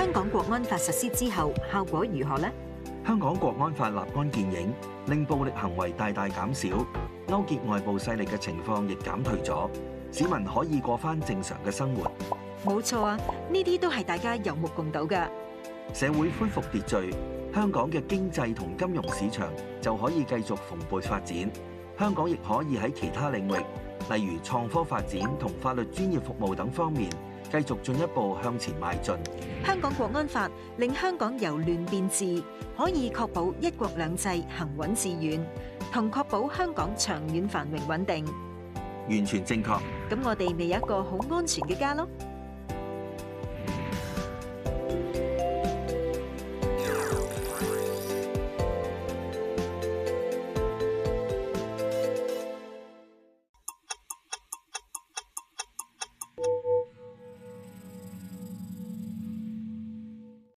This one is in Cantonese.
香港國安法實施之後，效果如何呢？香港國安法立竿見影，令暴力行為大大減少，勾結外部勢力嘅情況亦減退咗，市民可以過返正常嘅生活。冇錯啊，呢啲都係大家有目共睹㗎。社會恢復秩序，香港嘅經濟同金融市場就可以繼續蓬勃發展。香港亦可以喺其他領域，例如創科發展同法律專業服務等方面。繼續進一步向前邁進。香港國安法令香港由亂變治，可以確保一國兩制行穩致遠，同確保香港長遠繁榮穩定。完全正確。咁我哋咪有一個好安全嘅家咯。